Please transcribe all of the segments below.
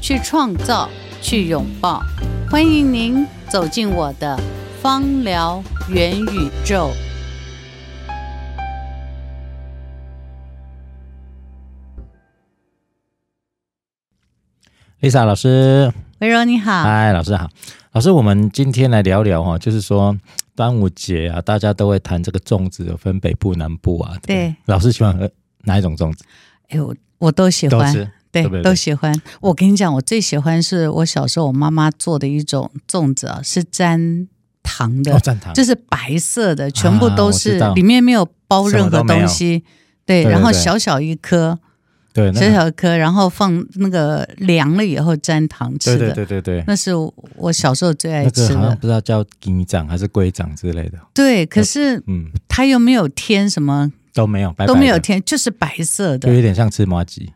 去創造，去擁抱。歡迎您走進我的芳療元宇宙。Lisa 老師，薇柔你好，嗨，老師好。老師，我們今天來聊聊哈，就是說端午節啊，大家都會談這個粽子，有分北部、南部啊。對。對。老師喜歡喝哪一種粽子？哎、欸，呦，我我都喜歡。對，對對對都喜歡。我跟你講，我最喜歡是我小時候我媽媽做的一種粽子啊，是沾糖的、哦沾糖，就是白色的，全部都是，啊、裡面沒有包任何東西對。對，然後小小一顆，對，小小一顆、那個，然後放那個涼了以後沾糖吃的。對對對對，對，對，那是我小時候最愛吃的，那個、好像不知道叫鹼粽還是粿粽之類的。對，可是嗯，它又沒有添什麼，都沒有白白，都沒有添，就是白色的，就有點像芝麻糬。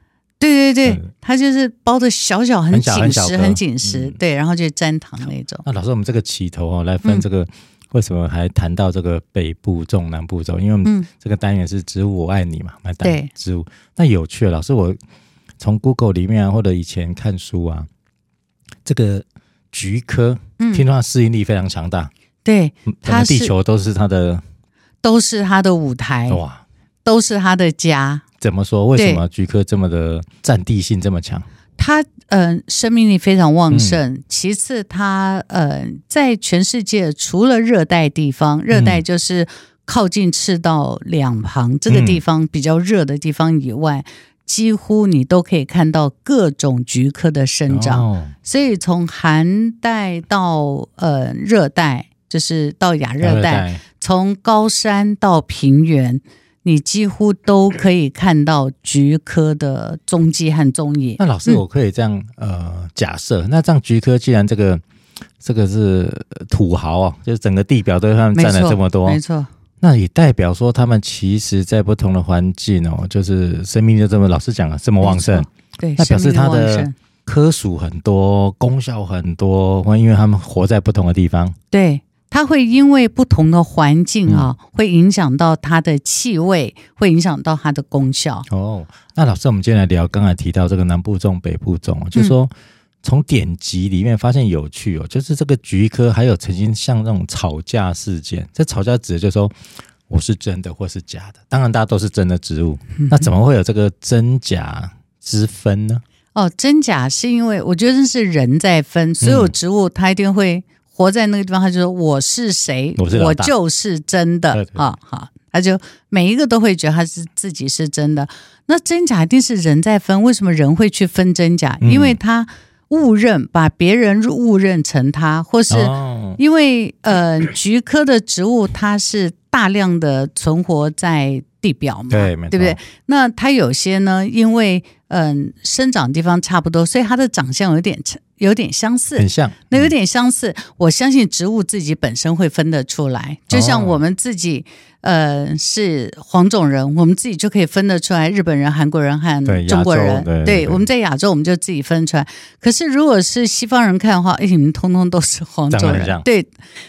對對對、嗯，它就是包的小小很緊實，很，小很，小很緊實、嗯。對，然後就粘糖那種。那老師，我們這個起頭哦，來分這個、嗯、為什麼還談到這個北部種南部種？因為我們這個單元是植物我愛你嘛，買單植物。那有趣，老師，我從 Google 裡面、啊、或者以前看書啊，這個菊科，嗯，聽說它適應力非常強大。嗯、對，它地球都是它的，都是它的舞台哇，都是它的家。怎麼說？為什麼菊科這麼的占地性這麼強？它嗯、呃，生命力非常旺盛。嗯、其次它，它呃在全世界除了熱帶地方，熱帶就是靠近赤道兩旁、嗯、這個地方比較熱的地方以外、嗯，幾乎你都可以看到各種菊科的生長。哦、所以從寒帶到呃熱帶，就是到亞熱帶、熱帶，從高山到平原。你幾乎都可以看到菊科的蹤跡和蹤影。那老師，我可以這樣呃假設、嗯，那這樣菊科既然這個這個是土豪啊、哦，就是整個地表都被他們佔了這麼多，沒錯。那也代表說他們其實在不同的環境哦，就是生命就這麼老師講了這麼旺盛，對，那表示它的科屬很多，功效很多，或因為他們活在不同的地方，對。它會因為不同的環境啊、嗯，會影響到它的氣味，會影響到它的功效。哦，那老師，我們今天來聊剛才提到這個南部種、北部種、啊，就是說、嗯、從典籍裡面發現有趣哦，就是這個菊科還有曾經像這種吵架事件。這吵架指的就是說我是真的或是假的，當然大家都是真的植物、嗯，那怎麼會有這個真假之分呢？哦，真假是因為我覺得是人在分，所有植物它一定會。活在那個地方，他就說我是誰，我，是我就是真的啊、哦！好，他就每一個都會覺得他是自己是真的。那真假一定是人在分，為什麼人會去分真假？嗯、因為他誤認，把別人誤認成他，或是因為、哦、呃菊科的植物，它是大量的存活在地表嘛，對，對不對？那它有些呢，因為嗯、呃、生長地方差不多，所以它的長相有點有點相似，很像。那、嗯、有點相似，我相信植物自己本身會分得出來。就像我們自己，哦、呃，是黃種人，我們自己就可以分得出來。日本人、韓國人和中國人，對，對對對對，我們在亞洲，我們就自己分出來。可是如果是西方人看的話，誒、欸，你們通通都是黃種人。對，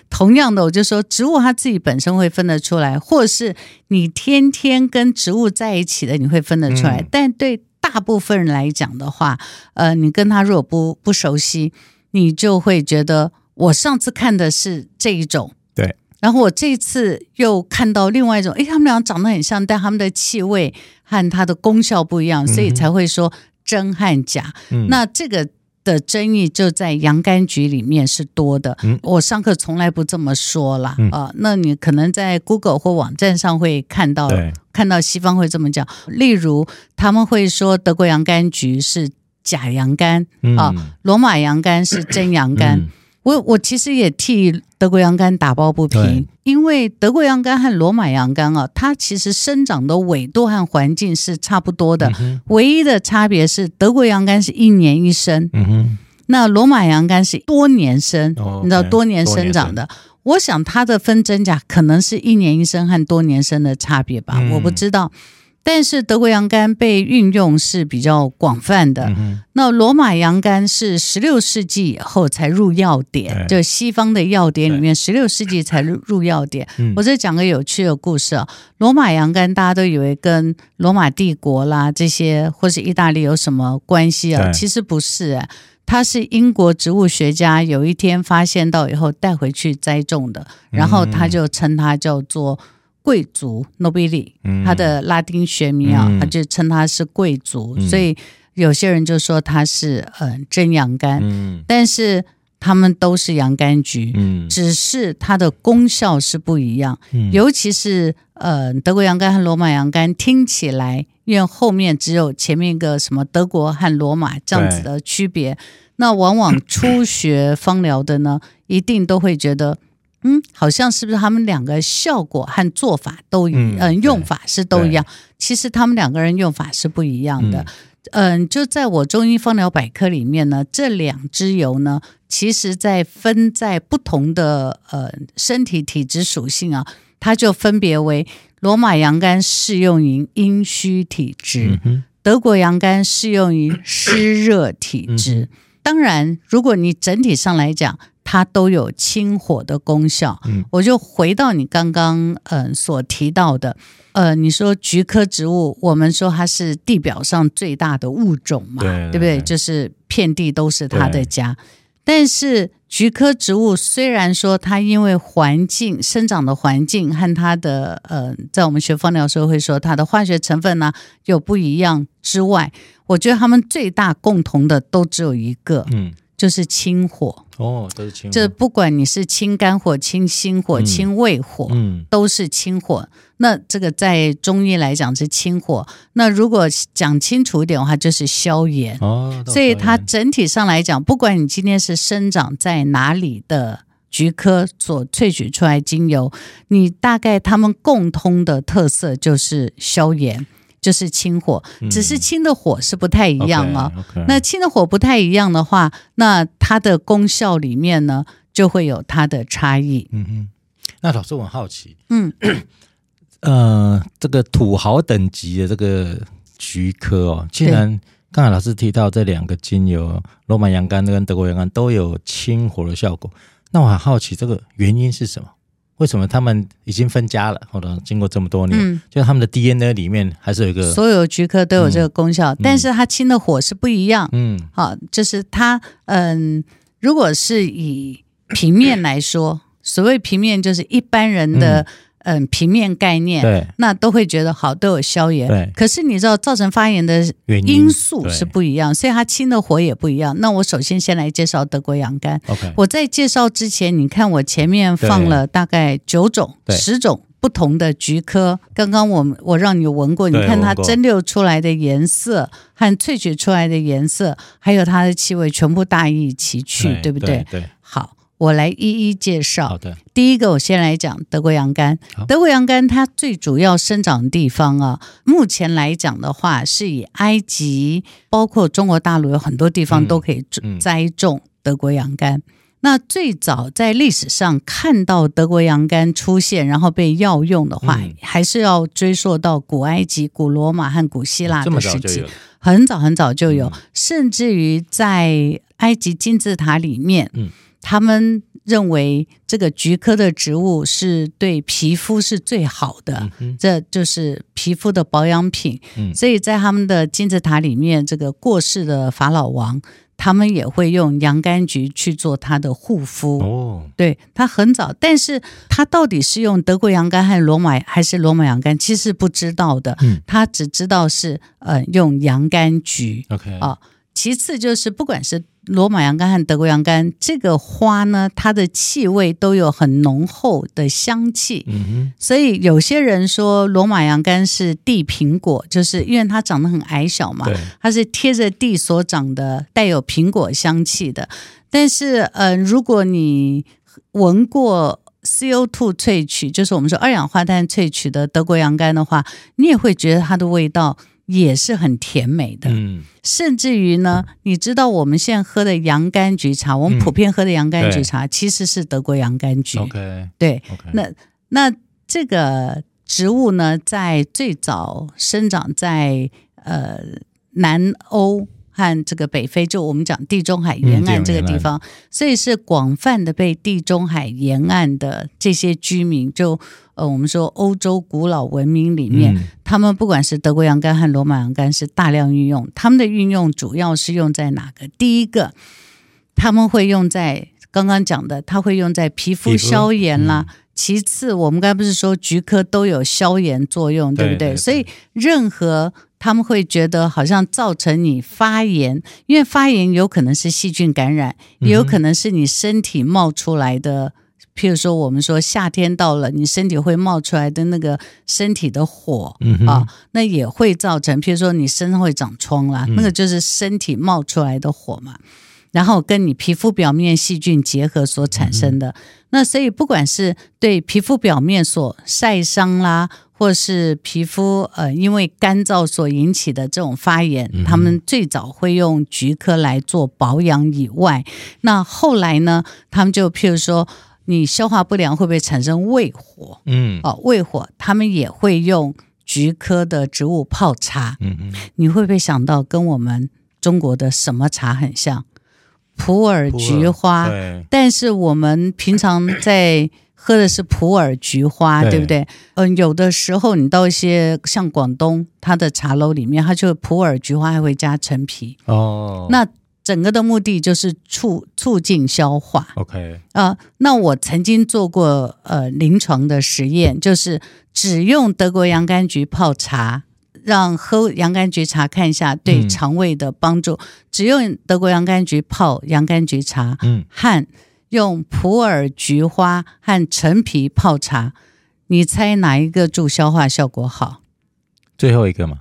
同樣的，我就說植物它自己本身會分得出來，或是你天天跟植物在一起的，你會分得出來。嗯、但對。大部分人來講的話，呃，你跟他如果不不熟悉，你就會覺得我上次看的是這一種，對，然後我這次又看到另外一種，哎，他們倆長得很像，但他們的氣味和它的功效不一樣，所以才會說真和假。嗯，那這個。的爭議就在洋甘菊裡面是多的，嗯、我上課從來不這麼說啦。啊、嗯呃。那你可能在 Google 或網站上會看到，看到西方會這麼講，例如他們會說德國洋甘菊是假洋甘啊，羅、嗯呃、馬洋甘是真洋甘。嗯嗯我我其實也替德國洋甘打抱不平，因為德國洋甘和羅馬洋甘啊，它其實生長的緯度和環境是差不多的，嗯、唯一的差別是德國洋甘是一年一生，嗯、那羅馬洋甘是多年生，哦，你知道多年生長的。我想它的分真假可能是一年一生和多年生的差別吧，嗯、我不知道。但是德國洋甘被運用是比較廣泛的。嗯、那羅馬洋甘是十六世紀以後才入藥典，就西方的藥典裡面，十六世紀才入藥典。嗯、我再講個有趣的故事啊，羅馬洋甘大家都以為跟羅馬帝國啦這些或是意大利有什麼關係啊？其實不是、欸，它是英國植物學家有一天發現到以後帶回去栽種的，然後他就稱它叫做。貴族諾比利，他的拉丁學名啊、嗯，他就稱他是貴族、嗯，所以有些人就說他是、呃、真嗯真洋甘，但是他們都是洋甘菊，嗯，只是它的功效是不一樣，嗯、尤其是呃德國洋甘和羅馬洋甘，聽起來因為後面只有前面一個什麼德國和羅馬這樣子的區別，那往往初學芳療的呢， 一定都會覺得。嗯，好像是不是他們兩個效果和做法都一、嗯呃、用法是都一樣。其實他們兩個人用法是不一樣的。嗯，呃、就在我中醫方療百科裡面呢，這兩支油呢，其實，在分在不同的呃身體體質屬性啊，它就分別為羅馬洋甘適用於陰虛體質，嗯、德國洋甘適用於濕熱體質、嗯。當然，如果你整體上來講。它都有清火的功效、嗯。我就回到你剛剛嗯、呃、所提到的，呃，你說菊科植物，我們說它是地表上最大的物種嘛，對，對，對，對不對？就是遍地都是它的家。但是菊科植物雖然說它因為環境生長的環境和它的呃，在我們學芳療的時候會說它的化學成分呢、啊、有不一樣之外，我覺得它們最大共同的都只有一個，嗯。就是清火哦，都是清火。就不管你是清肝火、清心火、清胃火，嗯，都是清火，嗯。那這個在中醫來講是清火。那如果講清楚一點的話，就是消炎。哦，對，消炎，所以它整體上來講，不管你今天是生長在哪裡的菊科所萃取出來精油，你大概它們共通的特色就是消炎。就是清火，只是清的火是不太一樣哦。嗯、okay, okay, 那清的火不太一樣的話，那它的功效裡面呢，就會有它的差異。嗯嗯。那老師我很好奇，嗯，嗯、呃。這個土豪等級的這個菊科哦，既然剛才老師提到這兩個精油，羅馬洋甘跟德國洋甘都有清火的效果，那我很好奇這個原因是什麼？為什麼他們已經分家了？或者經過這麼多年，嗯、就他們的 DNA 裡面還是有一個所有菊科都有這個功效，嗯，但是它清的火是不一樣。嗯，好，就是它，嗯，如果是以平面來說，嗯、所謂平面就是一般人的。嗯嗯，平面概念，對，那都會覺得好都有消炎，對。可是你知道造成發炎的因素是不一樣，所以它清的火也不一樣。那我首先先來介紹德國洋甘。Okay, 我在介紹之前，你看我前面放了大概九種、十種不同的菊科。剛剛我我讓你聞過，你看它蒸餾出來的顏色和萃取出來的顏色，還有它的氣味，全部大一起去對，對不對？對對我來一一介紹。好的，第一個，我先來講德國洋甘菊。德國洋甘菊它最主要生長的地方啊，目前來講的話，是以埃及，包括中國大陸有很多地方都可以栽種德國洋甘菊，嗯嗯。那最早在歷史上看到德國洋甘菊出現，然後被藥用的話，嗯，還是要追溯到古埃及、古羅馬和古希臘的時期，很早很早就有，嗯。甚至於在埃及金字塔裡面，嗯他們認為這個菊科的植物是對皮膚是最好的，嗯、這就是皮膚的保養品、嗯。所以在他們的金字塔裡面，這個過世的法老王，他們也會用洋甘菊去做他的護膚。哦，對，他很早，但是他到底是用德國洋甘還是羅馬還是羅馬洋甘，其實不知道的。嗯，他只知道是呃用洋甘菊。OK 啊、哦。其次就是，不管是羅馬洋甘和德國洋甘，這個花呢，它的氣味都有很濃厚的香氣。嗯哼。所以有些人說羅馬洋甘是地蘋果，就是因為它長得很矮小嘛，它是貼着地所長的，帶有蘋果香氣的。但是，嗯、呃，如果你聞過 CO2 萃取，就是我們說二氧化碳萃取的德國洋甘的話，你也會覺得它的味道。也是很甜美的，嗯，甚至於呢，你知道我們現在喝的洋甘菊茶，嗯，我們普遍喝的洋甘菊茶，嗯，其實是德國洋甘菊。OK，對，okay，那那這個植物呢，在最早生長在呃南歐。和這個北非，就我們講地中海沿岸這個地方，嗯、所以是廣泛的被地中海沿岸的這些居民，就呃，我們說歐洲古老文明裡面，嗯、他們不管是德國洋甘和羅馬洋甘，是大量運用。他們的運用主要是用在哪個？第一個，他們會用在剛剛講的，他會用在皮膚消炎啦。嗯、其次，我們剛才不是說菊科都有消炎作用，對不對？對對對，所以任何。他們會覺得好像造成你發炎，因為發炎有可能是細菌感染，也有可能是你身體冒出來的。譬如說、嗯、，我們說夏天到了，你身體會冒出來的那個身體的火、嗯、啊，那也會造成，譬如說你身上會長瘡啦、嗯，那個就是身體冒出來的火嘛。然後跟你皮膚表面細菌結合所產生的，嗯、那所以不管是對皮膚表面所曬傷啦。或是皮膚呃，因為乾燥所引起的這種發炎，嗯、他們最早會用菊科來做保養以外，那後來呢？他們就譬如說，你消化不良會不會產生胃火？嗯，哦、呃，胃火，他們也會用菊科的植物泡茶。嗯嗯，你會不會想到跟我們中國的什麼茶很像？普洱菊花。對。但是我們平常在。喝的是普洱菊花對，對不對？嗯、呃，有的時候你到一些像廣東，它的茶樓裡面，它就普洱菊花還會加陳皮。哦、oh.，那整個的目的就是促促進消化。OK 啊、呃，那我曾經做過呃臨床的實驗，就是只用德國洋甘菊泡茶，讓喝洋甘菊茶看一下對腸胃的幫助。嗯、只用德國洋甘菊泡洋甘菊茶，嗯，和。用普洱菊花和陳皮泡茶，你猜哪一個助消化效果好？最後一個嗎？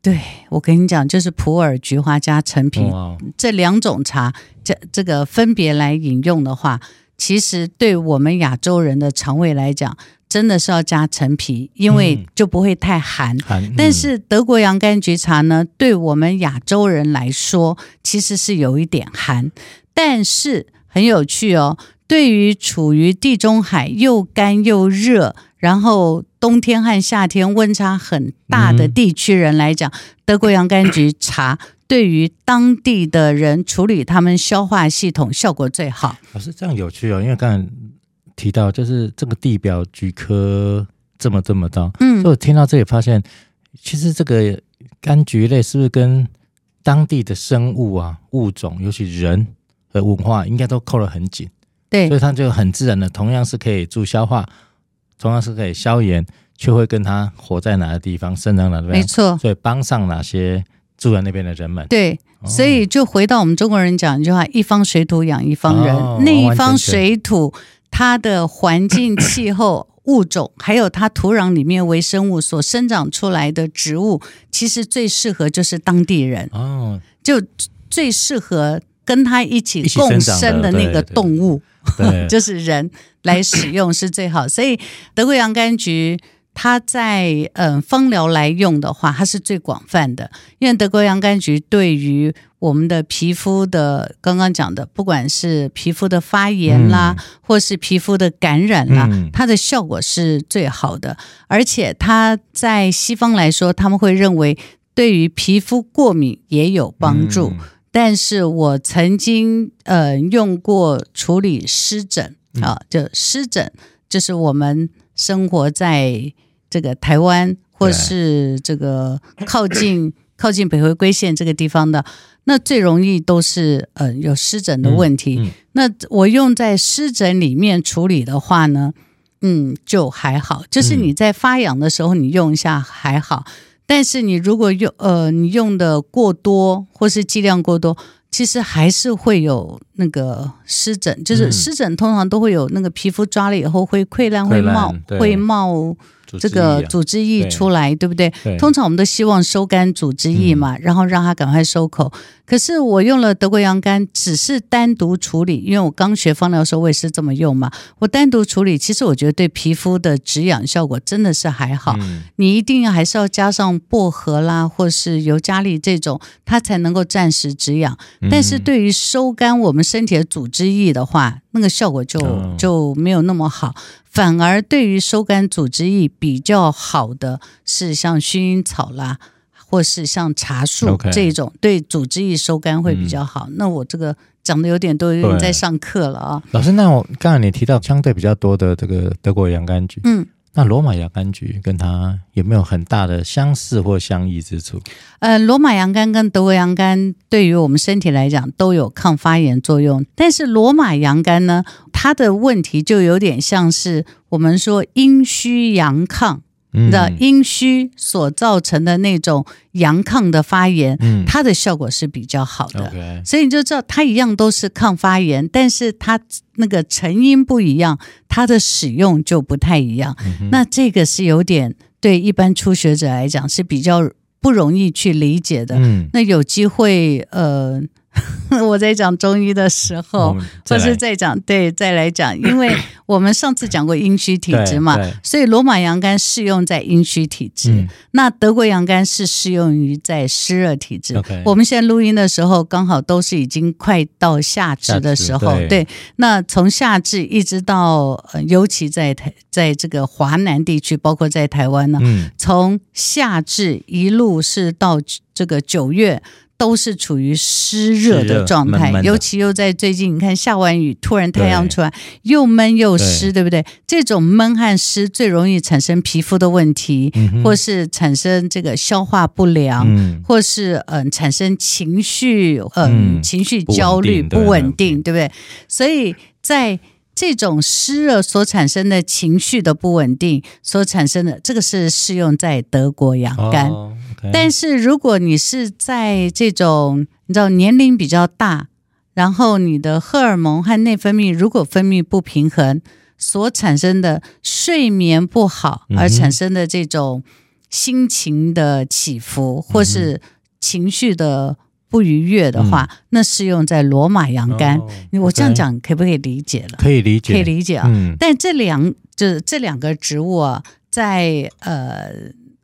對，我跟你講，就是普洱菊花加陳皮、哦、這兩種茶，這這個分別來飲用的話，其實對我們亞洲人的腸胃來講，真的是要加陳皮，因為就不會太寒。寒、嗯。但是德國洋甘菊茶呢，對我們亞洲人來說，其實是有一點寒，但是。很有趣哦！對於處於地中海又乾又熱，然後冬天和夏天溫差很大的地區人來講，嗯、德國洋甘菊茶對於當地的人處理他們消化系統效果最好。老師這樣有趣哦，因為剛才提到就是這個地表菊科這麼這麼大，嗯，所以我聽到這裡發現，其實這個柑橘類是不是跟當地的生物啊物種，尤其人？的文化應該都扣得很緊，對，所以它就很自然的，同樣是可以助消化，同樣是可以消炎，卻會跟它活在哪個地方，生長哪個地方。沒錯，所以幫上哪些住在那邊的人們。對，哦、所以就回到我們中國人講一句話：“一方水土養一方人。哦”那一方水土，它的環境、氣候、物種全全，還有它土壤裡面微生物所生長出來的植物，其實最適合就是當地人哦，就最適合。跟他一起共生的那個動物， 就是人來使用是最好。所以德國洋甘菊，它在嗯，芳療來用的話，它是最廣泛的。因為德國洋甘菊對於我們的皮膚的剛剛講的，不管是皮膚的發炎啦、嗯，或是皮膚的感染啦，它的效果是最好的。嗯、而且它在西方來說，他們會認為對於皮膚過敏也有幫助。嗯但是我曾經呃用過處理濕疹啊，就濕疹，就是我們生活在這個台灣或是這個靠近靠近北回歸線這個地方的，那最容易都是呃有濕疹的問題，嗯嗯。那我用在濕疹裡面處理的話呢，嗯，就還好，就是你在發癢的時候你用一下還好。嗯嗯但是你如果用呃，你用的過多，或是劑量過多。其實還是會有那個濕疹，就是濕疹通常都會有那個皮膚抓了以後會潰爛，嗯、會冒，會冒這個組織液出來，對，對不對，對？通常我們都希望收乾組織液嘛，然後讓它趕快收口。嗯、可是我用了德國洋甘，只是單獨處理，因為我剛學芳療的時候，我也是這麼用嘛。我單獨處理，其實我覺得對皮膚的止癢效果真的是還好。嗯、你一定要還是要加上薄荷啦，或是尤加利這種，它才能夠暫時止癢。但是對於收乾我們身體的組織液的話，那個效果就就沒有那麼好，哦、反而對於收乾組織液比較好的是像薰衣草啦，或是像茶樹這種，Okay. 對組織液收乾會比較好。嗯、那我這個講的有點多，有點在上課了啊、哦。老師，那我剛才你提到相對比較多的這個德國洋甘菊，嗯。那羅馬洋甘菊跟它有沒有很大的相似或相異之處？呃，羅馬洋甘跟德國洋甘對於我們身體來講都有抗發炎作用，但是羅馬洋甘呢，它的問題就有點像是我們說陰虛陽亢。的陰虛所造成的那種陽亢的發炎，嗯，它的效果是比較好的，Okay. 所以你就知道它一樣都是抗發炎，但是它那個成因不一樣，它的使用就不太一樣。嗯，那這個是有點對一般初學者來講是比較不容易去理解的。嗯、那有機會呃。 我在講中醫的時候、嗯，或是在講，對，再來講，因為我們上次講過陰虛體質嘛， 所以羅馬洋甘適用在陰虛體質。嗯、那德國洋甘是適用於在濕熱體質。嗯、我們現在錄音的時候，剛好都是已經快到夏至的時候，對，對。那從夏至一直到，呃、尤其在台，在這個華南地區，包括在台灣呢，嗯、從夏至一路是到這個九月。都是處於濕熱的狀態，尤其又在最近，你看下完雨，突然太陽出來，又悶又濕，對不對？這種悶和濕最容易產生皮膚的問題，或是產生這個消化不良，嗯、或是嗯、呃、產生情緒，呃、嗯情緒焦慮不穩定，不穩定對對，對不對？所以在這種濕熱所產生的情緒的不穩定，所產生的這個是適用在德國洋甘。Oh, okay. 但是如果你是在這種，你知道年齡比較大，然後你的荷爾蒙和內分泌如果分泌不平衡，所產生的睡眠不好而產生的這種心情的起伏，mm -hmm. 或是情緒的。不愉悅的話、嗯，那是用在羅馬洋甘。哦，我這樣講 OK, 可以不可以理解了？可以理解，可以理解啊。嗯，但這兩就是這兩個植物啊，在呃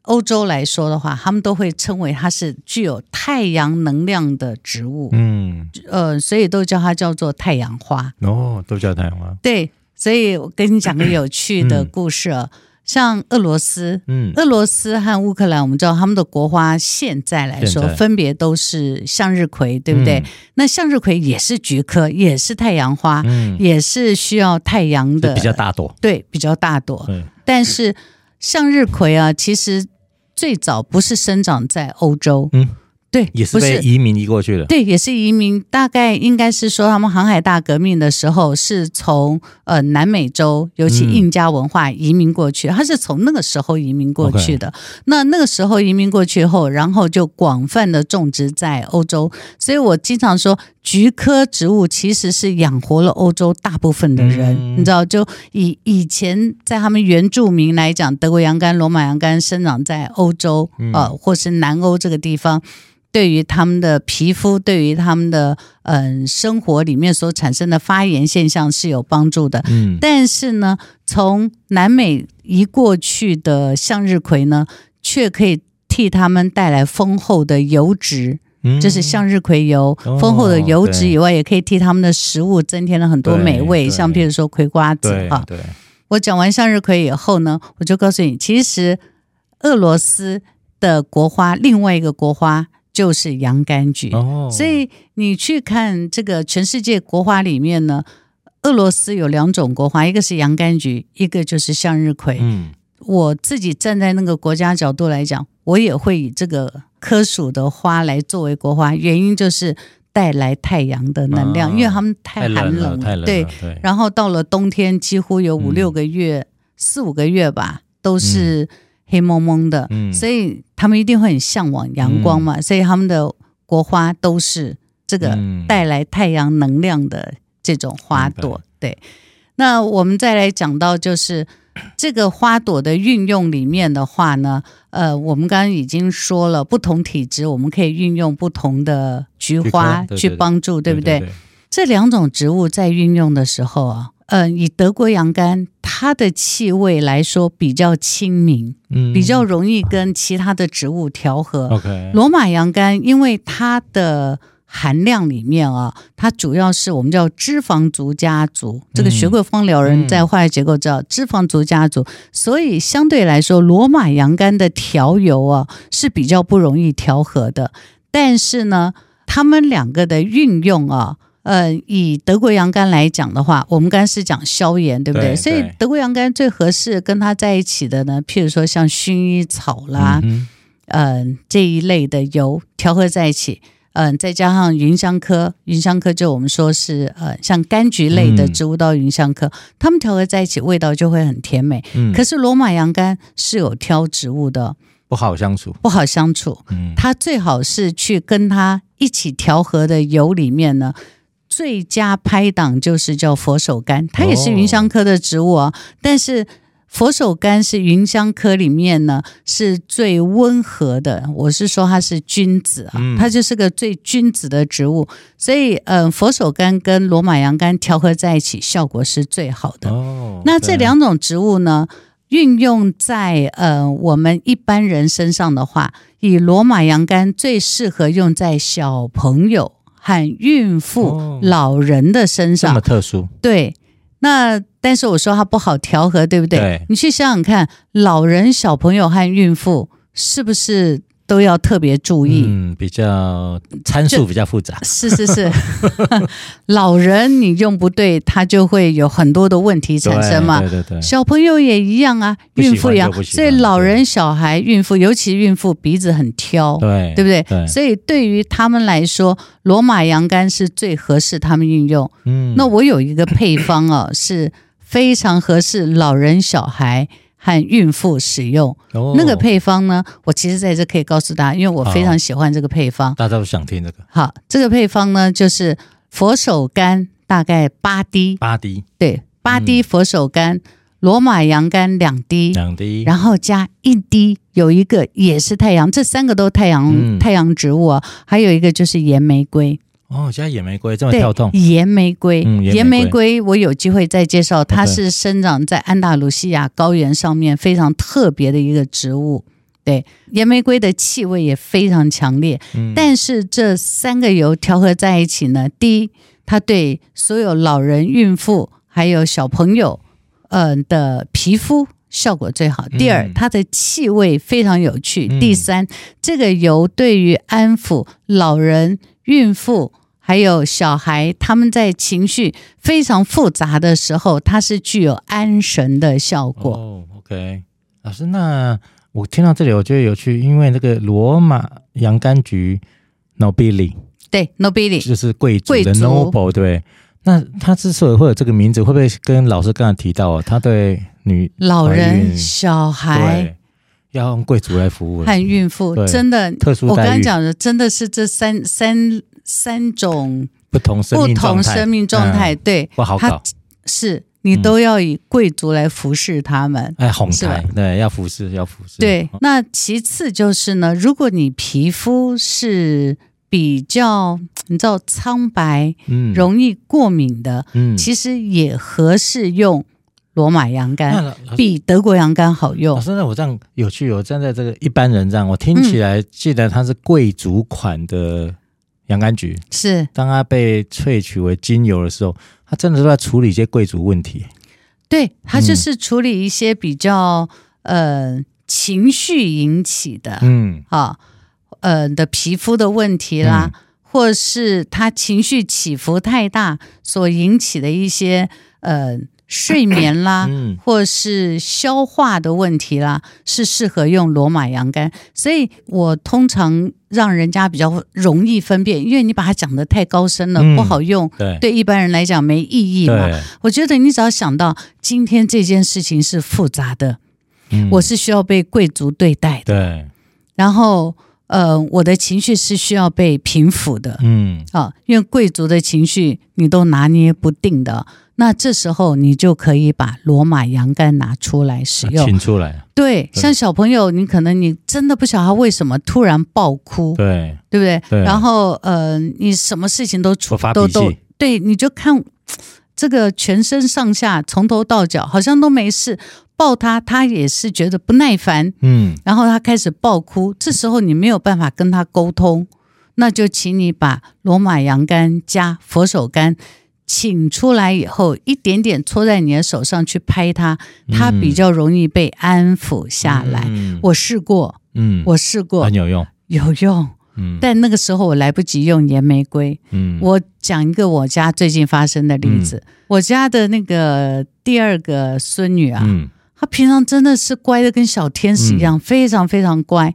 歐洲來說的話，他們都會稱為它是具有太陽能量的植物。嗯，呃，所以都叫它叫做太陽花。哦，都叫太陽花。對，所以我跟你講個有趣的故事，啊嗯像俄羅斯，嗯，俄羅斯和烏克蘭，我們知道他們的國花現在來說，分別都是向日葵，對不對？嗯，那向日葵也是菊科，也是太陽花，嗯，也是需要太陽的，比較大朵，對，比較大朵。但是向日葵啊，其實最早不是生長在歐洲。嗯。對，也是被移民移過去的。對，也是移民。大概應該是說，他們航海大革命的時候是從呃南美洲，尤其印加文化移民過去。嗯、他是從那個時候移民過去的、okay。那那個時候移民過去後，然後就廣泛的種植在歐洲。所以我經常說，菊科植物其實是養活了歐洲大部分的人。嗯、你知道，就以以前在他們原住民來講，德國洋甘、羅馬洋甘生長在歐洲、嗯、呃，或是南歐這個地方。對於他們的皮膚，對於他們的嗯、呃、生活裡面所產生的發炎現象是有幫助的。嗯、但是呢，從南美移過去的向日葵呢，卻可以替他們帶來豐厚的油脂，嗯、就是向日葵油，哦。豐厚的油脂以外，也可以替他們的食物增添了很多美味，像譬如說葵瓜子哈，啊。我講完向日葵以後呢，我就告訴你，其實俄羅斯的國花，另外一個國花。就是洋甘菊，oh. 所以你去看這個全世界國花裡面呢，俄羅斯有兩種國花，一個是洋甘菊，一個就是向日葵。嗯，我自己站在那個國家角度來講，我也會以這個科屬的花來作為國花，原因就是帶來太陽的能量，oh. 因為它們太寒冷了，太冷了，太冷了，對。對，然後到了冬天，幾乎有五六個月，嗯、四五個月吧，都是、嗯。黑濛濛的、嗯，所以他們一定會很向往陽光嘛、嗯。所以他們的國花都是這個帶來太陽能量的這種花朵。嗯對，嗯、對，那我們再來講到就是這個花朵的運用裡面的話呢，呃，我們剛剛已經說了，不同體質我們可以運用不同的菊花去幫助，對，對，對，對，對不對，對，對，對？這兩種植物在運用的時候啊。嗯、呃，以德國洋甘它的氣味來說比較親民、嗯，比較容易跟其他的植物調和。Okay. 羅馬洋甘因為它的含量裡面啊，它主要是我們叫脂肪族家族，嗯、這個學過芳療人在化學結構叫脂肪族家族、嗯，所以相對來說，羅馬洋甘的調油啊是比較不容易調和的。但是呢，它們兩個的運用啊。嗯、呃，以德國洋甘來講的話，我們剛才是講消炎，對不對？對，對。所以德國洋甘最合適跟它在一起的呢，譬如說像薰衣草啦，嗯、呃，這一類的油調和在一起，嗯、呃，再加上芸香科。芸香科就我們說是呃，像柑橘類的植物到芸香科，嗯，它們調和在一起，味道就會很甜美。嗯、可是羅馬洋甘是有挑植物的，不好相處，不好相處。嗯。它最好是去跟它一起調和的油裡面呢，最佳拍檔就是叫佛手柑，它也是芸香科的植物啊。哦、但是佛手柑是芸香科裡面呢是最溫和的，我是說它是君子啊、嗯，它就是個最君子的植物。所以，呃佛手柑跟羅馬洋甘調和在一起效果是最好的、哦。那這兩種植物呢，運用在呃我們一般人身上的話，以羅馬洋甘最適合用在小朋友，和孕婦、老人的身上這麼特殊，對，那但是我說它不好調和，對不對？對。你去想想看，老人、小朋友和孕婦是不是？都要特別注意，嗯，比較參數比較複雜，是是是， 老人你用不對，它就會有很多的問題產生嘛，對對，對對，小朋友也一樣啊，孕婦一樣，所以老人、小孩、孕婦，尤其孕婦鼻子很挑，對，對不對，對？所以對於他們來說，羅馬洋甘是最合適他們運用。嗯，那我有一個配方哦，是非常合適老人、小孩。和孕婦使用、哦、那個配方呢？我其實在這可以告訴大家，因為我非常喜歡這個配方。哦、大家都想聽這個？好，這個配方呢，就是佛手柑大概八滴，八滴，對，八滴佛手柑，羅、嗯、馬洋甘兩滴，兩滴，然後加一滴，有一個也是太陽，這三個都太陽、嗯、太陽植物，啊，還有一個就是岩玫瑰。哦，現在岩玫瑰這麼跳動。岩玫瑰，岩、嗯、玫，玫瑰，我有機會再介紹。它是生長在安達盧西亞高原上面、Okay. 非常特別的一個植物。對，岩玫瑰的氣味也非常強烈、嗯。但是這三個油調和在一起呢，第一，它對所有老人、孕婦還有小朋友，嗯、呃、的皮膚效果最好、嗯。第二，它的氣味非常有趣。嗯、第三，這個油對於安撫老人、孕婦。還有小孩，他們在情緒非常複雜的時候，它是具有安神的效果。哦、oh，OK，老師，那我聽到這裡，我覺得有趣，因為那個羅馬洋甘菊 Nobili 對 Nobili 就是貴族的 noble。Nobo，對，那他之所以會有這個名字，會不會跟老師剛才提到，他對女老人、小孩要用貴族來服務看孕婦。真的，特殊我剛剛講的，真的是這三三三種不同、不同生命狀態，不狀態嗯、對，它是你都要以貴族來服侍他們，嗯、哎，好對，要服侍，要服侍。對，那其次就是呢，如果你皮膚是比較你知道蒼白、嗯、容易過敏的、嗯，其實也合適用羅馬洋甘，比德國洋甘好用。現在我這樣有趣，我站在這個一般人這樣，我聽起來，記得它是貴族款的。洋甘菊是，當它被萃取為精油的時候，它真的是在處理一些貴族問題。對，它就是處理一些比較、嗯、呃情緒引起的，嗯啊嗯、哦呃、的皮膚的問題啦，嗯、或是他情緒起伏太大所引起的一些呃。睡眠啦咳咳、嗯，或是消化的問題啦，是適合用羅馬洋甘。所以我通常讓人家比較容易分辨，因為你把它講得太高深了，嗯、不好用對，對一般人來講沒意義嘛。我覺得你只要想到今天這件事情是複雜的，嗯、我是需要被貴族對待的對，然後，呃，我的情緒是需要被平撫的，嗯，啊，因為貴族的情緒你都拿捏不定的。那這時候你就可以把羅馬洋甘拿出來使用，請出來。對，像小朋友，你可能你真的不曉得他為什麼突然暴哭，對，對不對？然後呃，你什麼事情都出都都對，你就看這個全身上下從頭到腳好像都沒事，抱他他也是覺得不耐煩，嗯，然後他開始暴哭，這時候你沒有辦法跟他溝通，那就請你把羅馬洋甘加佛手柑。請出來以後，一點點搓在你的手上去拍它，它比較容易被安撫下來、嗯。我試過，嗯，我試過，很、嗯、有用，有用、嗯。但那個時候我來不及用岩玫瑰。我講一個我家最近發生的例子。嗯、我家的那個第二個孫女啊，嗯、她平常真的是乖的跟小天使一樣、嗯，非常非常乖。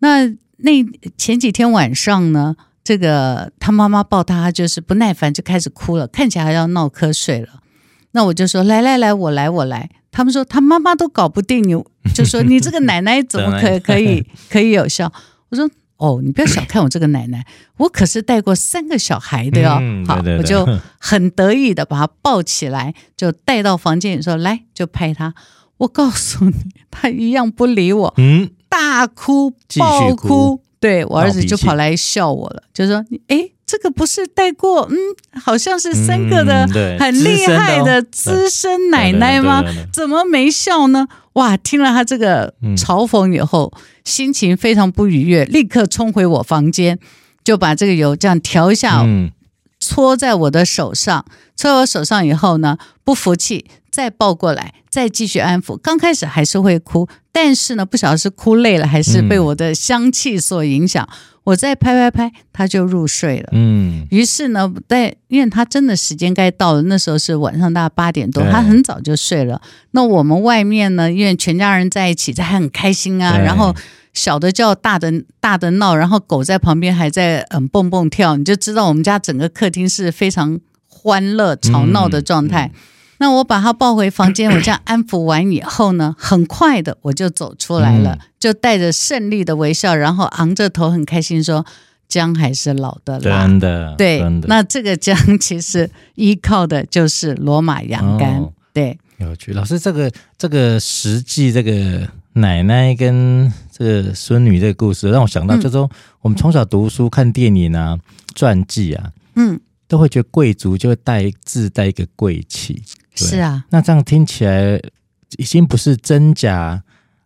那那前幾天晚上呢？這個他媽媽抱他就是不耐煩，就開始哭了，看起來還要鬧瞌睡了。那我就說來來來，我來我來。他們說他媽媽都搞不定你，就說你這個奶奶怎麼可以 可以可以有效？我說哦，你不要小看我這個奶奶， 我可是帶過三個小孩的喲、嗯。好，我就很得意的把他抱起來，就帶到房間裡說來就拍他。我告訴你，他一樣不理我，嗯，大哭，爆哭。對，我兒子就跑來笑我了，就說誒，哎，這個不是帶過，嗯，好像是三個的很厲害的資深奶奶嗎？怎麼沒笑呢？哇，聽了他這個嘲諷以後，心情非常不愉悅，立刻衝回我房間，就把這個油這樣調一下。嗯搓在我的手上，搓在我手上以後呢，不服氣，再抱過來，再繼續安撫。剛開始還是會哭，但是呢，不曉得是哭累了，還是被我的香氣所影響。嗯我再拍拍拍，他就入睡了。嗯，於是呢，但因為他真的時間該到了，那時候是晚上大概八點多，他很早就睡了。那我們外面呢，因為全家人在一起，他還很開心啊。然後小的叫大的，大的鬧，然後狗在旁邊還在嗯蹦蹦跳，你就知道我們家整個客廳是非常歡樂吵鬧的狀態。嗯嗯那我把他抱回房間，我這樣安撫完以後呢， 很快的我就走出來了，嗯、就帶着勝利的微笑，然後昂着頭，很開心說：“薑還是老的辣。”真的，對。的那這個薑其實依靠的就是羅馬洋甘、哦、對，有趣。老師，這個這個實際這個奶奶跟這個孫女這個故事，讓我想到就是說我們從小讀書、看電影啊、傳記啊，嗯，都會覺得貴族就會帶自帶一個貴氣。是啊，那這樣聽起來已經不是真假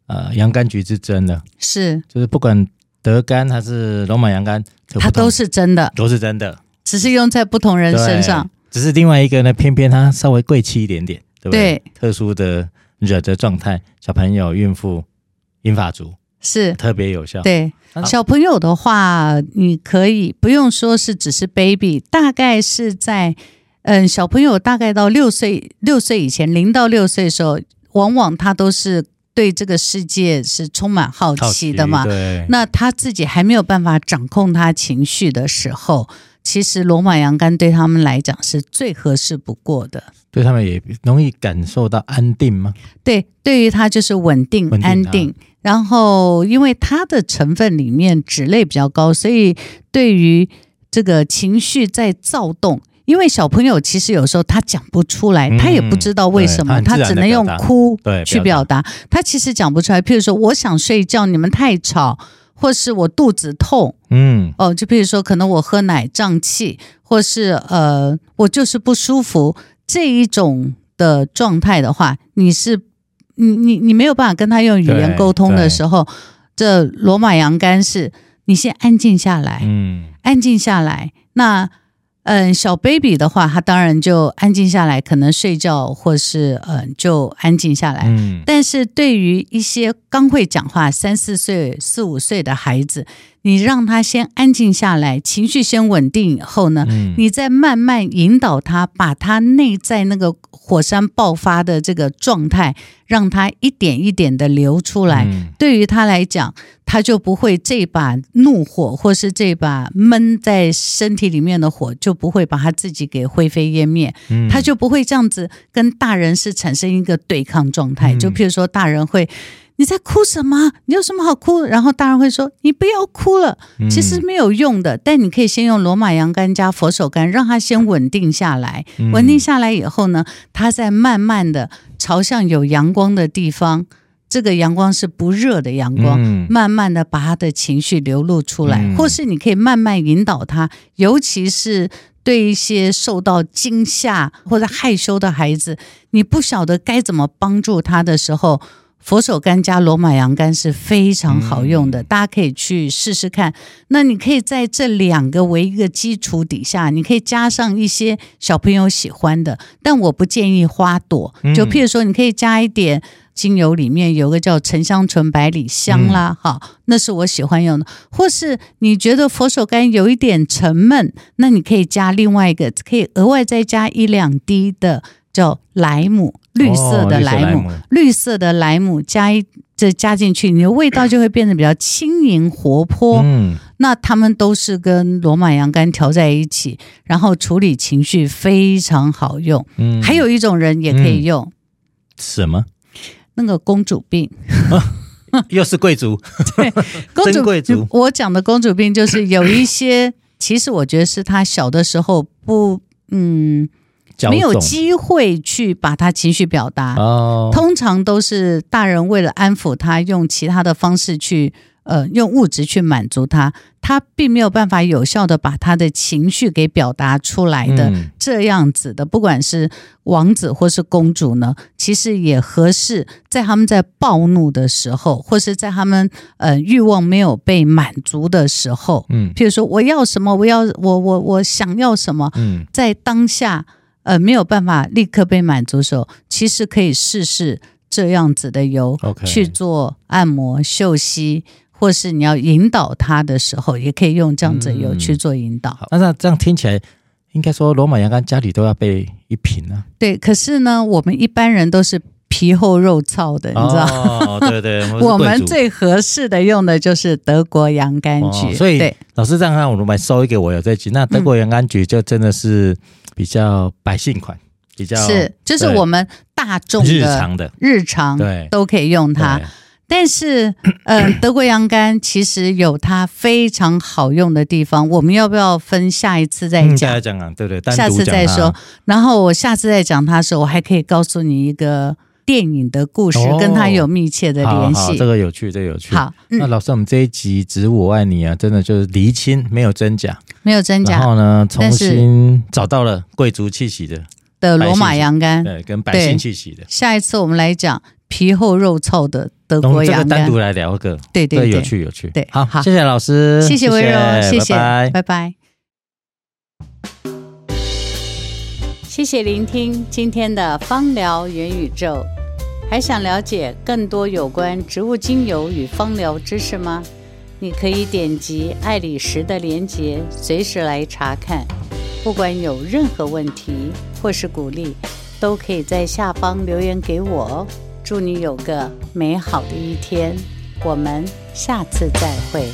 呃洋甘菊之爭了。是，就是不管德甘還是羅馬洋甘，它都是真的，都是真的，只是用在不同人身上。只是另外一個呢，偏偏它稍微貴氣一點點，對不對？對特殊的惹的狀態，小朋友、孕婦、銀髮族是特別有效。對，小朋友的話，你可以不用說是只是 baby，大概是在。嗯，小朋友大概到六歲，六歲以前，零到六歲的時候，往往他都是對這個世界是充滿好奇的嘛。對。那他自己還沒有辦法掌控他情緒的時候，其實羅馬洋甘對他們來講是最合適不過的。對他們也容易感受到安定嗎？對，對於他就是穩定、穩定啊、安定。然後，因為它的成分裡面脂類比較高，所以對於這個情緒在躁動。因為小朋友其實有時候他講不出來，他也不知道為什麼，嗯、他，他只能用哭去表達，對表達。他其實講不出來，譬如說我想睡覺，你們太吵，或是我肚子痛，嗯，哦，就譬如說可能我喝奶脹氣，或是呃我就是不舒服這一種的狀態的話，你是你你你沒有辦法跟他用語言溝通的時候，這羅馬洋甘菊是，你先安靜下來，嗯，安靜下來，那。嗯，小 baby 的話，他當然就安靜下來，可能睡覺或是嗯，就安靜下來。嗯、但是，對於一些剛會講話三四歲、四五歲的孩子。你讓他先安靜下來，情緒先穩定以後呢，嗯，你再慢慢引導他，把他內在那個火山爆發的這個狀態，讓他一點一點的流出來，嗯。對於他來講，他就不會這把怒火，或是這把悶在身體裡面的火，就不會把他自己給灰飛煙滅，嗯。他就不會這樣子跟大人是產生一個對抗狀態。嗯，就譬如說，大人會。你在哭什麼？你有什麼好哭？然後大人會說：“你不要哭了，其實沒有用的。嗯”但你可以先用羅馬洋甘菊加佛手柑，讓它先穩定下來，嗯。穩定下來以後呢，它再慢慢的朝向有陽光的地方，這個陽光是不熱的陽光，嗯、慢慢的把他的情緒流露出來，嗯，或是你可以慢慢引導他，尤其是對一些受到驚嚇或者害羞的孩子，你不曉得該怎麼幫助他的時候。佛手柑加羅馬洋甘是非常好用的，嗯，大家可以去試試看。那你可以在這兩個為一個基礎底下，你可以加上一些小朋友喜歡的，但我不建議花朵。就譬如說，你可以加一點精油，裡面有個叫沉香醇，百里香啦，哈、嗯，那是我喜歡用的。或是你覺得佛手柑有一點沉悶，那你可以加另外一個，可以額外再加一兩滴的。叫萊姆，綠色的萊姆、哦、綠色萊姆、綠色萊姆，綠色的萊姆加一，這加進去，你的味道就會變得比較輕盈活潑。嗯，那他們都是跟羅馬洋甘菊在一起，然後處理情緒非常好用。嗯，還有一種人也可以用、嗯、什麼？那個公主病， 又是貴族？ 對公主，真貴族。我講的公主病就是有一些， 其實我覺得是他小的時候不，嗯。沒有機會去把他情緒表達，哦，通常都是大人為了安撫他，用其他的方式去，呃，用物質去滿足他。他並沒有辦法有效的把他的情緒給表達出來的，嗯，這樣子的，不管是王子或是公主呢，其實也合適在他們在暴怒的時候，或是在他們呃欲望沒有被滿足的時候，嗯，譬如說我要什麼，我要我我我想要什麼，嗯，在當下。呃，沒有辦法立刻被滿足時候，其實可以試試這樣子的油，okay. 去做按摩、嗅吸，或是你要引導它的時候，也可以用這樣子的油去做引導。那、嗯、那這樣聽起來，應該說羅馬洋甘菊家裡，都要備一瓶呢、啊、對，可是呢，我們一般人都是皮厚肉糙的，你知道？哦、對對。我們， 我們最合適的用的就是德國洋甘菊，所以對老師這樣看、啊，我們收一個，我有在記。那德國洋甘菊就真的是。嗯比較百姓款，比較是就是我們大眾的日常的日常對都可以用它，但是嗯、 呃，德國洋甘其實有它非常好用的地方，我們要不要分下一次再講？講、嗯、講、啊、對不對,對？下次再說、啊。然後我下次再講它的時候，我還可以告訴你一個電影的故事，哦、跟它有密切的聯繫。這個有趣，這個、有趣。好，嗯、那老師，我們這一集《植物我愛你》啊，真的就是釐清沒有真假。沒有真假。然後呢，重新找到了貴族氣息的的羅馬洋甘，對，跟百姓氣息的。下一次我們來講皮厚肉臭的德國洋甘。這個單獨來聊個，對對，對，對，有趣有趣。對，好，好，謝謝老師，謝謝溫柔，謝謝，謝謝，拜拜，謝謝，拜拜。謝謝聆聽今天的芳療元宇宙，還想了解更多有關植物精油與芳療知識嗎？你可以點擊愛裡時的連接，隨時來查看。不管有任何問題或是鼓勵，都可以在下方留言給我哦。祝你有個美好的一天，我們下次再會。